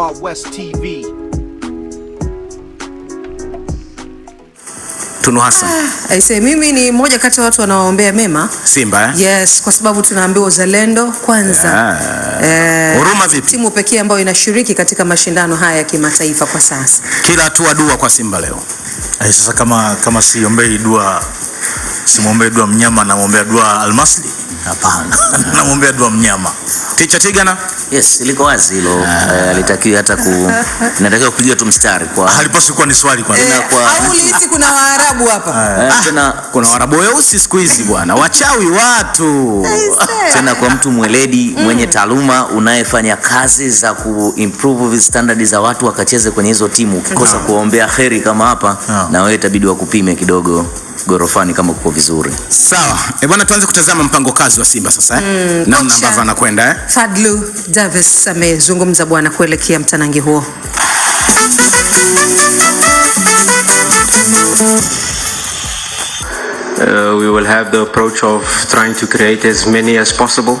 Wild West TV. Tunu Hassan. Ah, aise, mimi ni moja kati ya watu wanaoombea mema Simba. eh? Yes, kwa sababu tunaambiwa uzalendo kwanza. Ah. Eh, Huruma vipi? Timu pekee ambayo inashiriki katika mashindano haya ya kimataifa kwa sasa. Kila hatua dua kwa Simba leo. Aise, sasa kama kama siombei dua simwombee dua mnyama, namwombea dua Almasli? Hapana. namwombea dua mnyama. Ticha Tigana Yes, liko wazi hilo. Ah. Eh, Alitakiwa hata ku natakiwa kupiga tu mstari kwa. Halipaswi kuwa ni swali kwa. Eh, Au ulihisi kuna Waarabu hapa? Ah, ah, tena kuna Waarabu weusi siku hizi bwana. Wachawi watu. Eh, tena kwa mtu mweledi mm. mwenye taaluma unayefanya kazi za ku improve standards za watu wakacheze kwenye hizo timu ukikosa kuombea heri kama hapa na wewe itabidi wakupime kidogo gorofani kama kuko vizuri. Sawa. Eh, bwana tuanze kutazama mpango kazi wa Simba sasa eh. Mm, namna ambavyo anakwenda eh. Fadlu Davis amezungumza bwana kuelekea mtanangi huo. Uh, we will have the approach of trying to create as many as possible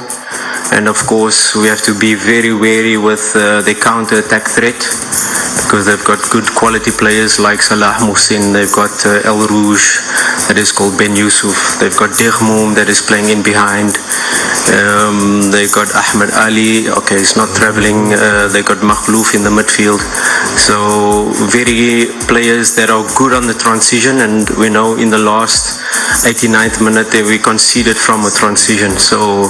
and of course we have to be very wary with uh, the counter attack threat because they've got good quality players like Salah Mohsin, they've got uh, El Rouge that is called Ben Yusuf. They've got Dirmoum that is playing in behind. Um, they've got Ahmed Ali. Okay, he's not traveling. Uh, they've got Makhlouf in the midfield. So very players that are good on the transition. And we know in the last 89th minute we conceded from a transition. So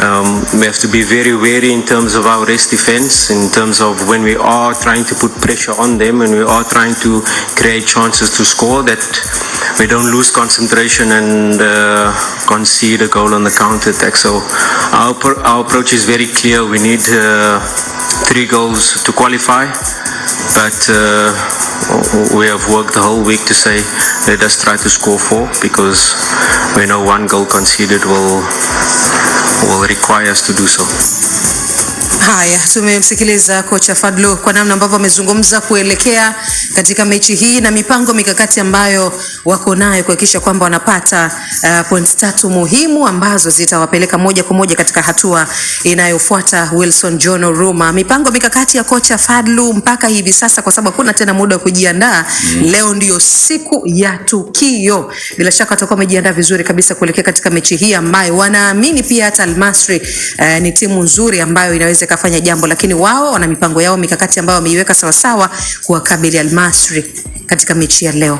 um, we have to be very wary in terms of our race defense, in terms of when we are trying to put pressure on them and we are trying to create chances to score that we don't lose concentration and uh, concede a goal on the counter attack. So our, our approach is very clear. We need uh, three goals to qualify, but uh, we have worked the whole week to say let us try to score four because we know one goal conceded will will require us to do so. Haya, tumemsikiliza kocha Fadlu kwa namna ambavyo amezungumza kuelekea katika mechi hii na mipango mikakati ambayo wako nayo kuhakikisha kwamba wanapata uh, points tatu muhimu ambazo zitawapeleka moja kwa moja katika hatua inayofuata. Wilson John Oruma, mipango mikakati ya kocha Fadlu mpaka hivi sasa, kwa sababu kuna tena muda wa kujiandaa mm. Leo ndiyo siku ya tukio, bila shaka watakuwa wamejiandaa vizuri kabisa kuelekea katika mechi hii ambayo wanaamini pia hata Almasri uh, ni timu nzuri ambayo inaweza atakafanya jambo, lakini wao wana mipango yao mikakati ambayo wameiweka sawasawa kuwakabili Almasri katika mechi ya leo.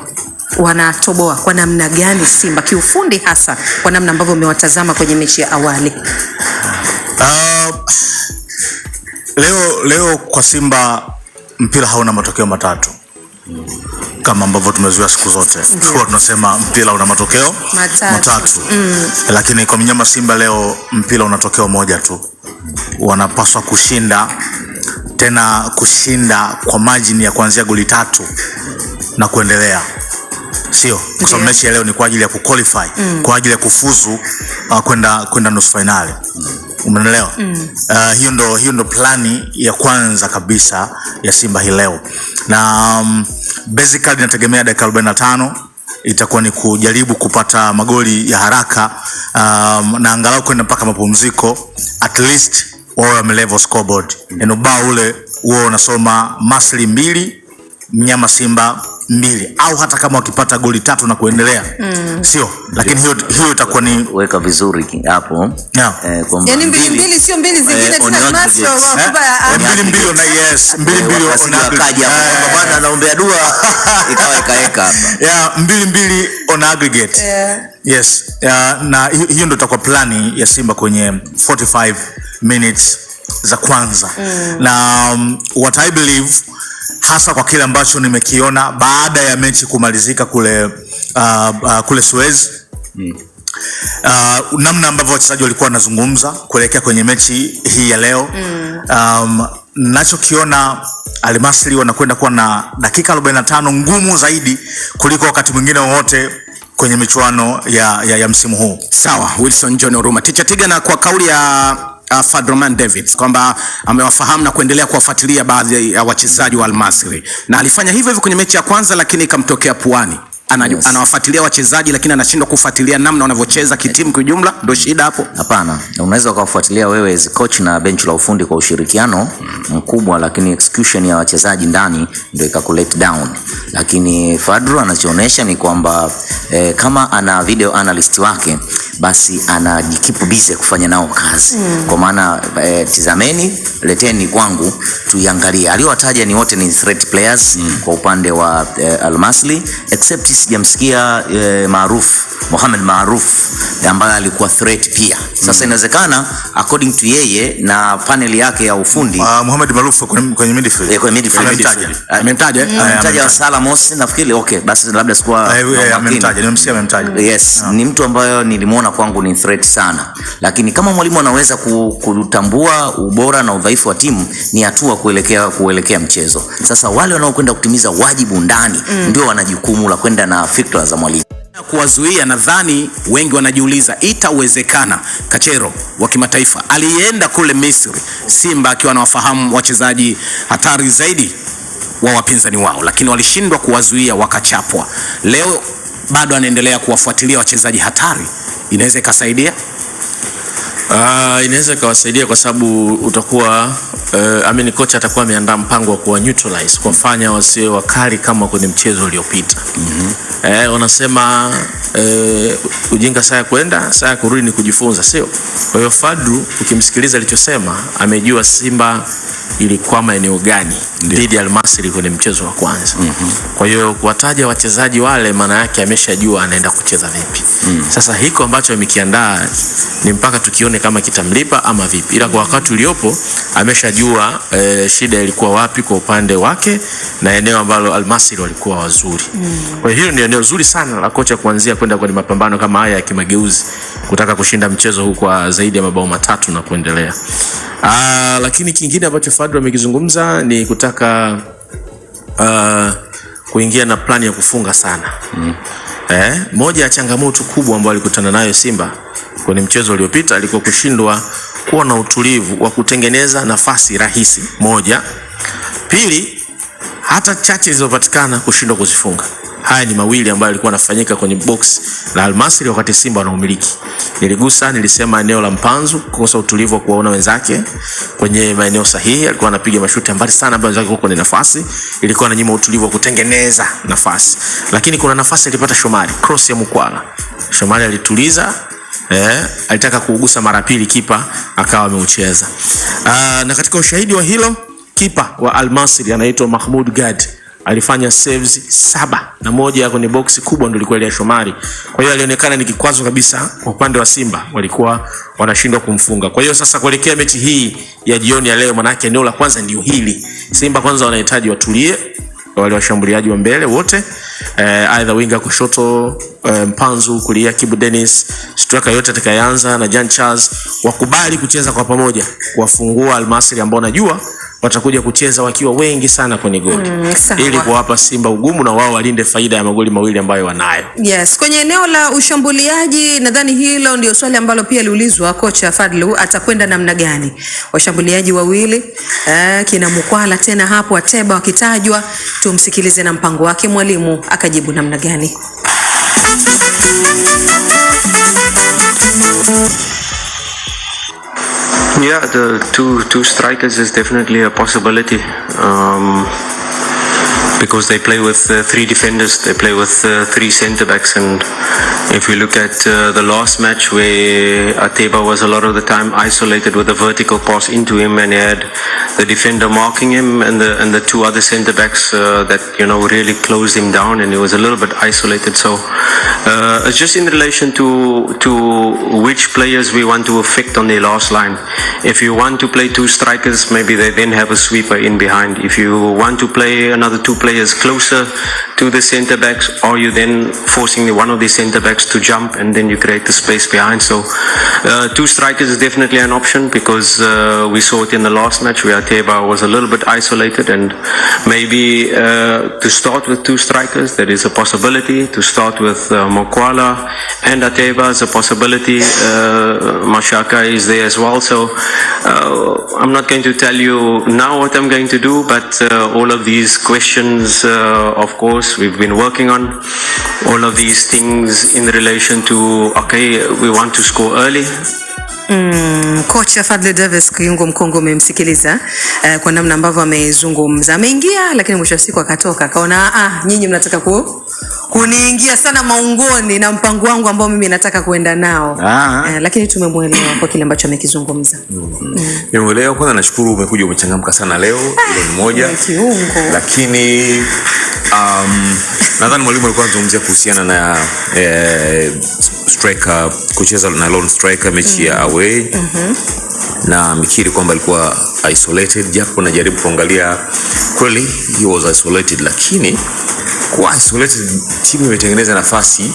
Wanatoboa kwa namna gani Simba kiufundi, hasa kwa namna ambavyo umewatazama kwenye mechi ya awali? Uh, leo leo kwa Simba mpira hauna matokeo matatu kama ambavyo tumezoea siku zote huwa yeah. Tunasema mpira una matokeo matatu, matatu. Mm. Lakini kwa mnyama Simba leo mpira una tokeo moja tu wanapaswa kushinda tena kushinda kwa margin ya kuanzia goli tatu na kuendelea, sio kwa sababu mechi ya leo ni kwa ajili ya kuqualify mm. kwa ajili ya kufuzu uh, kwenda kwenda nusu fainali umeelewa? mm. Uh, hiyo ndo hiyo ndo plani ya kwanza kabisa ya Simba hii leo na um, basically inategemea dakika 45 itakuwa ni kujaribu kupata magoli ya haraka um, na angalau kwenda mpaka mapumziko at least wao wamelevel scoreboard. Yaani ubao ule wao unasoma Masli mbili Mnyama Simba mbili au hata kama wakipata goli tatu na kuendelea mm. Sio, lakini hiyo hiyo itakuwa ni weka vizuri hapo yeah. Eh, kwa yani mbili mbili sio mbili eh, zingine tena wa eh? Eh, mbili mbili na yes mbili mbili anaombea dua ikawa ikaeka hapa mbili mbili on aggregate yeah. Yes yeah, na hiyo ndio itakuwa plani ya Simba kwenye 45 minutes za kwanza mm. Na um, what I believe hasa kwa kile ambacho nimekiona baada ya mechi kumalizika kule, uh, uh, kule Suez mm. Uh, namna ambavyo wachezaji walikuwa wanazungumza kuelekea kwenye mechi hii ya leo mm. Um, nachokiona Almasri wanakwenda kuwa na dakika 45 ngumu zaidi kuliko wakati mwingine wowote kwenye michuano ya, ya, ya msimu huu. Sawa, Wilson John Oruma, Ticha Tiga, na kwa kauli ya uh, Fadroman Davids kwamba amewafahamu na kuendelea kuwafuatilia baadhi ya wachezaji wa Almasri, na alifanya hivyo hivyo kwenye mechi ya kwanza, lakini ikamtokea puani yes. Anawafuatilia wachezaji lakini anashindwa kufuatilia namna wanavyocheza kitimu kwa jumla, ndio shida hapo. Hapana, unaweza ukawafuatilia wewe as coach na bench la ufundi kwa ushirikiano mkubwa, lakini execution ya wachezaji ndani ndio ikakulet down. Lakini Fadru anachoonesha ni kwamba eh, kama ana video analyst wake basi anajikipu bize kufanya nao kazi mm. Kwa maana eh, tizameni, leteni kwangu tuiangalie. Aliowataja ni wote ni threat players mm. Kwa upande wa eh, Almasli except sijamsikia e, eh, Maruf Muhammad Maruf ambaye alikuwa threat pia. Sasa mm. inawezekana according to yeye na panel yake ya ufundi uh, Muhammad Maruf kwenye midfield. Kwenye midfield ah, amemtaja. Mm. Amemtaja. Amemtaja Salah Mohsin nafikiri okay, basi labda sikuwa ah, eh, amemtaja. Nimemsikia amemtaja. Yes, ah. ni mtu ambaye nilimuona kwangu ni threat sana. Lakini kama mwalimu anaweza kutambua ubora na udhaifu wa timu ni hatua kuelekea kuelekea mchezo. Sasa wale wanaokwenda kutimiza wajibu ndani mm. ndio wana jukumu la kwenda na fikra za mwalimu kuwazuia. Nadhani wengi wanajiuliza itawezekana Kachero wa kimataifa alienda kule Misri, Simba akiwa anawafahamu wachezaji hatari zaidi wa wapinzani wao, lakini walishindwa kuwazuia wakachapwa. Leo bado anaendelea kuwafuatilia wachezaji hatari, inaweza ikasaidia. Uh, inaweza ikawasaidia kwa sababu utakuwa uh, amini kocha atakuwa ameandaa mpango wa kuwa neutralize kuwafanya wasiwe wakali kama kwenye mchezo uliopita. mm -hmm. Eh, wanasema eh, ujinga saa ya kwenda saa ya kurudi ni kujifunza, sio? Kwa hiyo fadru ukimsikiliza alichosema, amejua Simba ilikwama eneo gani dhidi ya Almasri kwenye mchezo wa kwanza mm -hmm. Kwa hiyo kuwataja wachezaji wale, maana yake ameshajua anaenda kucheza vipi mm. Sasa hiko ambacho amekiandaa ni mpaka tukione kama kitamlipa ama vipi, ila kwa wakati uliopo ameshajua e, shida ilikuwa wapi kwa upande wake na eneo ambalo Almasri walikuwa wazuri mm. Kwa hiyo hilo ni eneo zuri sana la kocha kuanzia kwenda kwenye mapambano kama haya ya kimageuzi kutaka kushinda mchezo huu kwa zaidi ya mabao matatu na kuendelea. Aa, ah, lakini kingine ambacho Fadlu amekizungumza ni kutaka uh, kuingia na plani ya kufunga sana mm. Eh, moja ya changamoto kubwa ambayo alikutana nayo Simba kwenye mchezo uliopita alikuwa kushindwa kuwa na utulivu wa kutengeneza nafasi rahisi moja. Pili, hata chache zilizopatikana kushindwa kuzifunga. Haya ni mawili ambayo yalikuwa yanafanyika kwenye box la Almasri wakati Simba wanaumiliki. Niligusa, nilisema eneo la Mpanzu kukosa utulivu wa kuwaona wenzake kwenye maeneo sahihi, alikuwa anapiga mashuti ambayo sana ambayo wenzake kwenye nafasi ilikuwa ananyima utulivu wa kutengeneza nafasi. Lakini kuna nafasi alipata Shomari, cross ya Mkwala. Shomari alituliza Eh, alitaka kuugusa mara pili, kipa akawa ameucheza. Uh, na katika ushahidi wa hilo kipa wa Almasri anaitwa Mahmoud Gadi alifanya saves saba na moja ya kwenye boxi kubwa ndio ilikuwa ile ya Shomari. Kwa hiyo alionekana ni kikwazo kabisa kwa upande wa Simba, walikuwa wanashindwa kumfunga. Kwa hiyo sasa kuelekea mechi hii ya jioni ya leo, manake eneo la kwanza ndio hili. Simba kwanza wanahitaji watulie wale washambuliaji wa mbele wote eh, aidha winga kushoto eh, Mpanzu kulia, Kibu Dennis striker yote atakayeanza na Jan Charles wakubali kucheza kwa pamoja, kuwafungua Almasri ambao najua watakuja kucheza wakiwa wengi sana kwenye goli mm, ili kuwapa Simba ugumu na wao walinde faida ya magoli mawili ambayo wanayo. Yes, kwenye eneo la ushambuliaji nadhani hilo ndio swali ambalo pia liulizwa kocha Fadlu atakwenda namna gani? Washambuliaji wawili eh, kina Mkwala tena hapo Ateba wakitajwa, tumsikilize na mpango wake mwalimu akajibu namna gani. Yeah, the two two strikers is definitely a possibility. Um, because they play with uh, three defenders, they play with uh, three centre backs. And if you look at uh, the last match where Ateba was a lot of the time isolated with a vertical pass into him, and he had the defender marking him, and the and the two other centre backs uh, that you know really closed him down, and he was a little bit isolated. So uh, it's just in relation to to which players we want to affect on the last line. If you want to play two strikers, maybe they then have a sweeper in behind. If you want to play another two players players closer to the centre backs? or you then forcing the, one of the centre backs to jump and then you create the space behind? So, uh, two strikers is definitely an option because uh, we saw it in the last match where Teba was a little bit isolated and maybe uh, to start with two strikers, there is a possibility. To start with uh, Mokwala and Ateba is a possibility. Uh, Mashaka is there as well. So, uh, I'm not going to tell you now what I'm going to do, but all of these questions, of course, projects we've been working on. All of these things in relation to okay, we want to score early. Mm, kocha fadle Davis kiungo mkongo umemsikiliza uh, kwa namna ambavyo amezungumza. Ameingia lakini mwisho wa siku akatoka, akaona ah, nyinyi mnataka ku kuniingia sana maungoni na mpango wangu ambao mimi nataka kuenda nao ah, ah. eh, lakini tumemwelewa kwa kile ambacho amekizungumza. Nimeelewa. mm. mm. Kwanza nashukuru umekuja umechangamka sana leo, ah, ile moja, lakini Um, nadhani mwalimu alikuwa anazungumzia kuhusiana na eh, striker kucheza na lone striker mechi mm -hmm. ya mm-hmm. away mm -hmm. na mikiri kwamba alikuwa isolated, japo najaribu kuangalia kweli he was isolated, lakini kuwa isolated, timu imetengeneza nafasi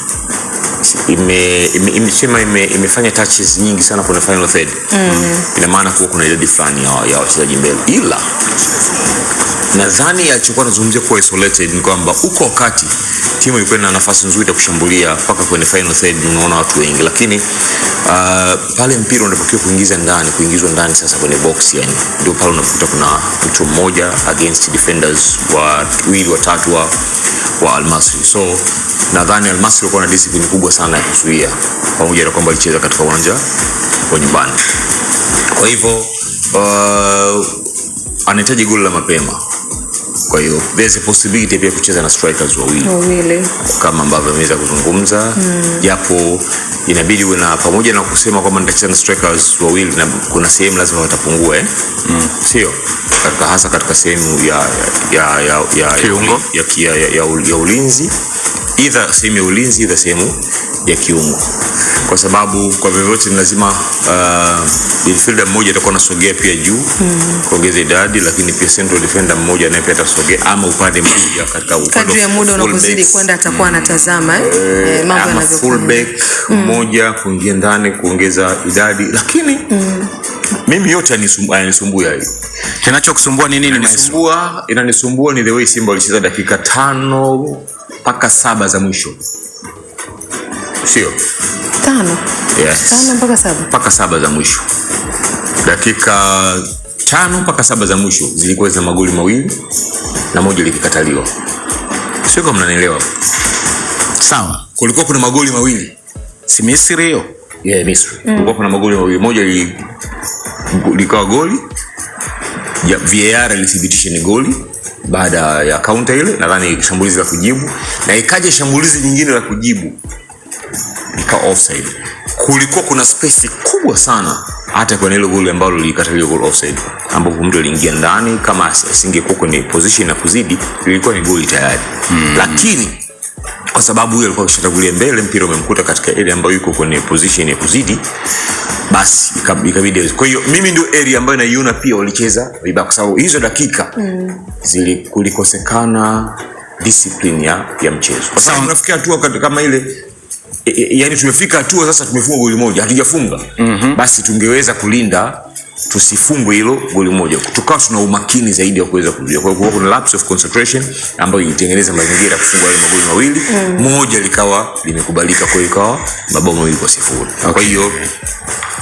ime, ime, imesema ime, imefanya touches nyingi sana kwenye final third mm ina maana kuwa kuna idadi fulani ya, ya wachezaji mbele ila nadhani alichokuwa anazungumzia kuwa isolated ni kwamba uko wakati timu ilikuwa na nafasi nzuri ya kushambulia mpaka kwenye final third, unaona watu wengi, lakini uh, pale mpira unapokuwa kuingiza ndani, kuingizwa ndani sasa kwenye box, yani ndio pale unakuta kuna mtu mmoja against defenders wa wili watatu wa, wa Almasri. So nadhani Almasri alikuwa na discipline kubwa sana ya kuzuia, pamoja na kwamba alicheza katika uwanja wa nyumbani. Kwa hivyo uh, anahitaji goli la mapema kwa hiyo there's a possibility pia kucheza na strikers wawili kama ambavyo ameweza kuzungumza, hmm. japo mm. inabidi uwe na pamoja na kusema kwamba nitacheza na strikers wawili, na kuna sehemu lazima watapungue eh? mm. sio katika hasa katika sehemu ya ya ya ya kiungo ya, ya, ya, ya, ya ulinzi, either sehemu ya ulinzi either sehemu ya kiungo kwa sababu kwa vyovyote ni lazima uh, midfielder mmoja atakuwa anasogea pia juu mm. kuongeza idadi, lakini pia central defender mmoja naye pia atasogea ama upande mmoja katika upande. Kadri ya muda unapozidi kwenda atakuwa mm. anatazama eh, eh mambo Fullback mm. mmoja mm. kuingia ndani kuongeza idadi, lakini mm. Mimi yote yanisumbua hiyo. Kinachokusumbua ni nini? Inanisumbua, inanisumbua ni the way Simba walicheza dakika tano mpaka saba za mwisho, sio tano yes. Tano mpaka saba mpaka saba za mwisho, dakika tano mpaka saba za mwisho zilikuwa za magoli mawili na moja likikataliwa, sio kama mnanielewa? Sawa, kulikuwa kuna magoli mawili, si Misri hiyo? Yeah, Misri mm. kulikuwa kuna magoli mawili, moja li, likawa goli ya VAR ilithibitisha ni goli baada ya kaunta ile, nadhani shambulizi la kujibu, na ikaja shambulizi nyingine la kujibu nika offside. Kulikuwa kuna space kubwa sana hata kwa ile goal ambayo lilikataliwa goal offside, ambapo mtu aliingia ndani, kama asingekuwa kwenye position na kuzidi, ilikuwa ni goal tayari mm. lakini kwa sababu huyo alikuwa akishatangulia mbele, mpira umemkuta katika area ambayo yuko kwenye position ya kuzidi, basi ikabidi. Kwa hiyo mimi ndio area ambayo naiona pia walicheza vibaya, kwa sababu hizo dakika mm. zilikulikosekana discipline ya, ya mchezo, kwa sababu unafikia hatua kama ile Eh, eh, yani tumefika hatua sasa, tumefunga goli moja, hatujafunga mm -hmm. Basi tungeweza kulinda tusifungwe hilo goli moja, tukawa tuna umakini zaidi wa kuweza kurudia. Kwa hiyo kuna lapse of concentration ambayo ilitengeneza mazingira ya kufunga yale magoli mawili mm. Moja likawa limekubalika, kwa hiyo ikawa mabao mawili kwa sifuri. Okay. Kwa hiyo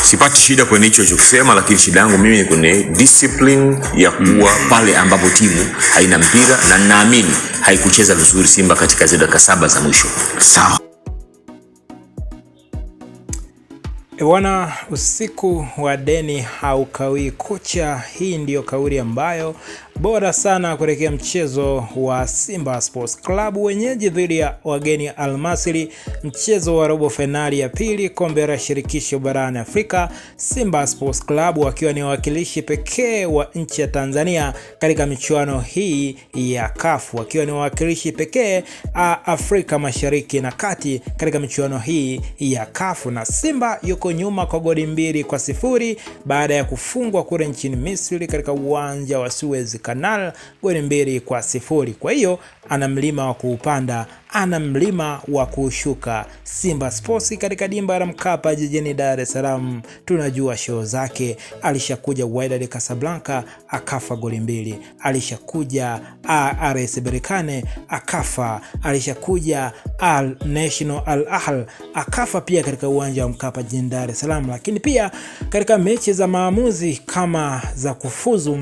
sipati shida kwenye hicho chokisema, lakini shida yangu mimi ni kwenye discipline ya kuwa mm. pale ambapo timu haina mpira, na naamini haikucheza vizuri Simba katika zile dakika saba za mwisho. Sawa. Bwana, usiku wa deni haukawii kucha. Hii ndiyo kauli ambayo bora sana kuelekea mchezo wa Simba Sports Club wenyeji dhidi ya wageni Almasri, mchezo wa robo fainali ya pili kombe la shirikisho barani Afrika. Simba Sports Club wakiwa ni wawakilishi pekee wa nchi ya Tanzania katika michuano hii ya CAF, wakiwa ni wawakilishi pekee a Afrika Mashariki na Kati katika michuano hii ya CAF, na Simba yuko nyuma kwa goli mbili kwa sifuri baada ya kufungwa kule nchini Misri katika uwanja wa Suez Canal goli mbili kwa sifuri. Kwa hiyo ana mlima wa kuupanda, ana mlima wa kuushuka. Simba Sports katika dimba la Mkapa jijini Dar es Salaam, tunajua show zake. Alishakuja Wydad Casablanca akafa goli mbili, alishakuja RS Berkane akafa, alishakuja Al National Al Ahl akafa pia katika uwanja wa Mkapa jijini Dar es Salaam, lakini pia katika mechi za maamuzi kama za kufuzu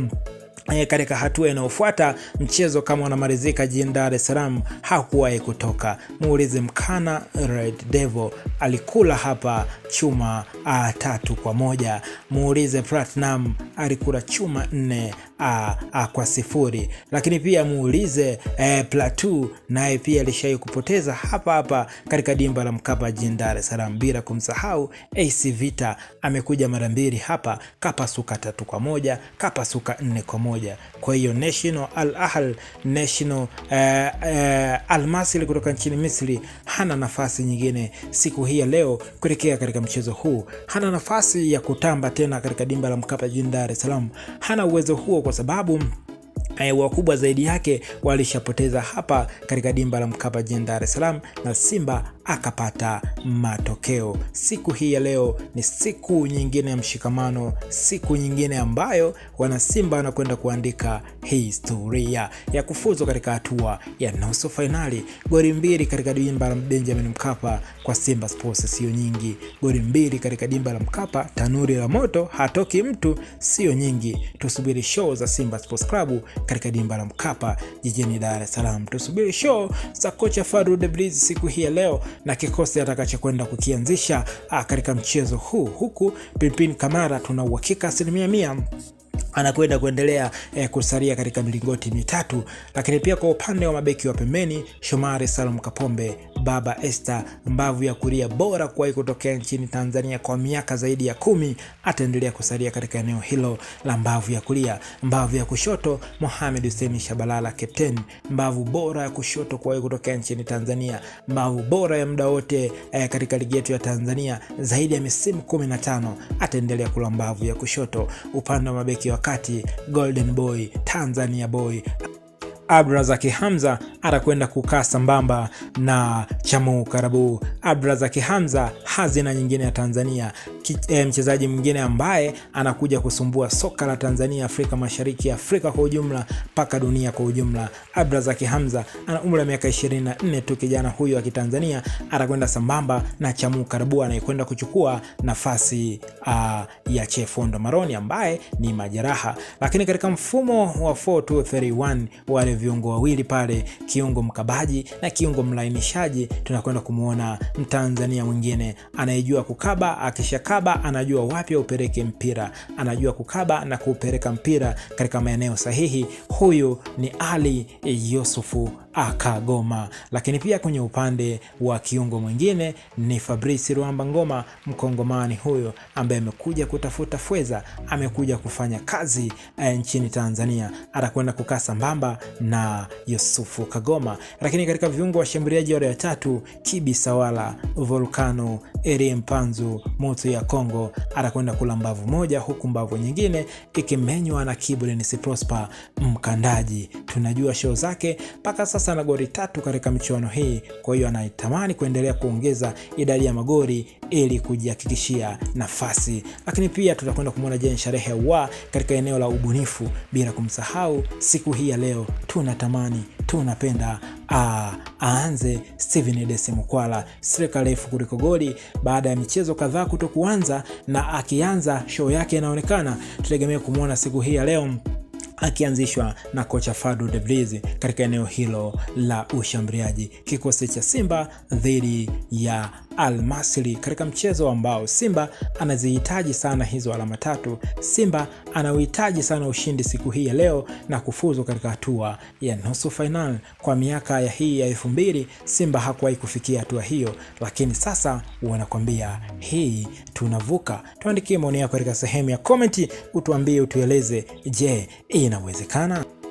E, katika hatua inayofuata mchezo kama unamalizika jijini Dar es Salaam, hakuwahi kutoka. Muulize mkana Red Devil alikula hapa chuma a, ah, tatu kwa moja. Muulize Platinum alikula chuma nne a, a kwa sifuri. Lakini pia muulize e, Platu naye pia alishawahi kupoteza hapa hapa katika dimba la Mkapa jijini Dar es Salaam, bila kumsahau AC Vita amekuja mara mbili hapa, kapasuka tatu kwa moja, kapasuka nne kwa moja. Kwa hiyo National Al Ahly, National e, e, Al Masry kutoka nchini Misri hana nafasi nyingine siku hii ya leo kuelekea katika mchezo huu, hana nafasi ya kutamba tena katika dimba la Mkapa jijini Dar es Salaam, hana uwezo huo kwa kwa sababu eh, wakubwa zaidi yake walishapoteza hapa katika dimba la Mkapa jijini Dar es Salaam na Simba akapata matokeo. Siku hii ya leo ni siku nyingine ya mshikamano, siku nyingine ambayo wanasimba wanakwenda kuandika historia ya kufuzu katika hatua ya nusu fainali. Goli mbili katika dimba la Benjamin Mkapa kwa Simba Sports sio nyingi. Goli mbili katika dimba la Mkapa, tanuri la moto hatoki mtu, sio nyingi. Tusubiri show za Simba Sports Club katika dimba la Mkapa jijini Dar es Salaam. Tusubiri show za kocha Fadlu Davids siku hii ya leo na kikosi atakachokwenda kukianzisha ah, katika mchezo huu, huku Pinpin Kamara tuna uhakika asilimia mia anakwenda kuendelea eh, kusalia katika milingoti mitatu. Lakini pia kwa upande wa mabeki wa pembeni, Shomari Salum Kapombe, Baba Esther, mbavu ya kulia bora kuwahi kutokea nchini Tanzania kwa miaka zaidi ya kumi, ataendelea kusalia katika eneo hilo la mbavu ya kulia. Mbavu ya kushoto, Mohamed Hussein Shabalala, captain, mbavu bora ya kushoto kuwahi kutokea nchini Tanzania, mbavu bora ya muda wote eh, katika ligi yetu ya Tanzania zaidi ya misimu 15, ataendelea kula mbavu ya kushoto. Upande wa mabeki wa wakati Golden Boy, Tanzania Boy Abdrazaki Hamza atakwenda kukaa sambamba na Chamu Karabu. Abdrazaki Hamza hazina nyingine ya Tanzania. E, mchezaji mwingine ambaye anakuja kusumbua soka la Tanzania, Afrika Mashariki, Afrika kwa ujumla, mpaka dunia kwa ujumla. Abdrazaki Hamza ana umri wa miaka 24 tu. Kijana huyo wa Kitanzania atakwenda sambamba na Chamu Karibu anayekwenda kuchukua nafasi uh, ya Chefondo Maroni ambaye ni majeraha, lakini katika mfumo wa 4231 wale viungo wawili pale, kiungo mkabaji na kiungo mlainishaji, tunakwenda kumwona Mtanzania mwingine anayejua kukaba, akishakaba anajua wapi aupeleke mpira, anajua kukaba na kuupeleka mpira katika maeneo sahihi. Huyu ni Ali Yusufu Akagoma. Lakini pia kwenye upande wa kiungo mwingine ni fabrisi Ruamba Ngoma, mkongomani huyo ambaye amekuja kutafuta fweza, amekuja kufanya kazi e, nchini Tanzania. Atakwenda kukaa sambamba na Yusufu Kagoma. Lakini katika viungo washambuliaji wale watatu, Kibi Sawala, Elie Mpanzu Mutu ya Kongo atakwenda kula mbavu moja huku mbavu nyingine ikimenywa na Kibulens Prosper Mkandaji. Tunajua show zake mpaka sasa na gori tatu katika michuano hii, kwa hiyo anaitamani kuendelea kuongeza idadi ya magori ili kujihakikishia nafasi, lakini pia tutakwenda kumwona Jane sherehe wa katika eneo la ubunifu, bila kumsahau siku hii ya leo tunatamani tunapenda aanze Steven Dese Mukwala streka refu kuliko goli baada ya michezo kadhaa kuto kuanza, na akianza show yake inaonekana tutegemea kumwona siku hii ya leo akianzishwa na kocha Fadlu Davids katika eneo hilo la ushambuliaji. Kikosi cha Simba dhidi ya Al Masry katika mchezo ambao Simba anazihitaji sana hizo alama tatu. Simba anauhitaji sana ushindi siku hii ya leo na kufuzu katika hatua ya nusu fainali. Kwa miaka ya hii ya elfu mbili Simba hakuwahi kufikia hatua hiyo, lakini sasa wanakwambia hii tunavuka. Tuandikie maoni yako katika sehemu ya komenti, utuambie, utueleze, je, inawezekana?